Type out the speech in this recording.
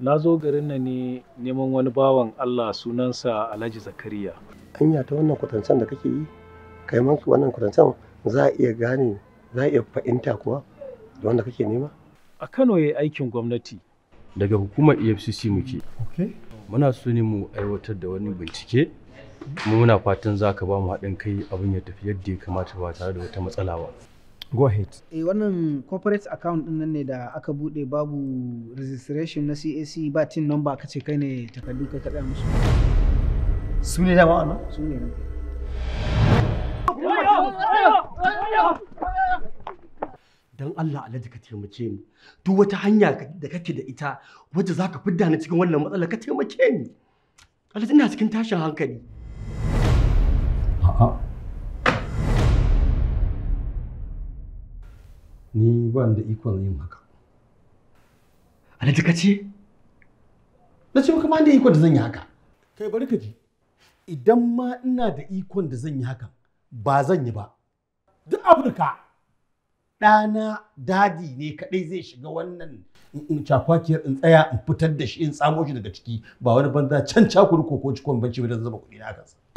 na zo garin nan ne neman wani bawan Allah sunansa Alhaji Zakariya. Anya ta wannan kwatancen da kake yi, kai man wannan kwatancen za a iya gane, za a iya fahimta kuwa da wanda kake nema? A Kano ya aikin gwamnati. Daga hukumar EFCC muke. Muna so ne mu aiwatar da wani bincike, mu muna fatan za ka ba mu haɗin kai abin ya tafi yadda ya kamata ba tare da wata matsala ba. go ahead eh wannan corporate account din nan ne da aka bude babu registration na CAC ba tin number kace kai ne takardu ka kada musu su ne dama ana su ne dan Allah alaji ka taimake ni duk wata hanya da kake da ita wacce zaka fidda ni cikin wannan matsala ka taimake ni alaji ina cikin tashin hankali a'a ni ba da ikon yin haka alhaji ka ce na ce maka ba da ikon da zan yi haka kai bari ka ji idan ma ina da ikon da zan yi haka ba zan yi ba duk Afrika. ɗana dadi ne kaɗai zai shiga wannan in cakwakiyar in tsaya in fitar da shi in tsamo shi daga ciki ba wani banza can cakuri ko ko cikon banci ba zama kuɗi na kansa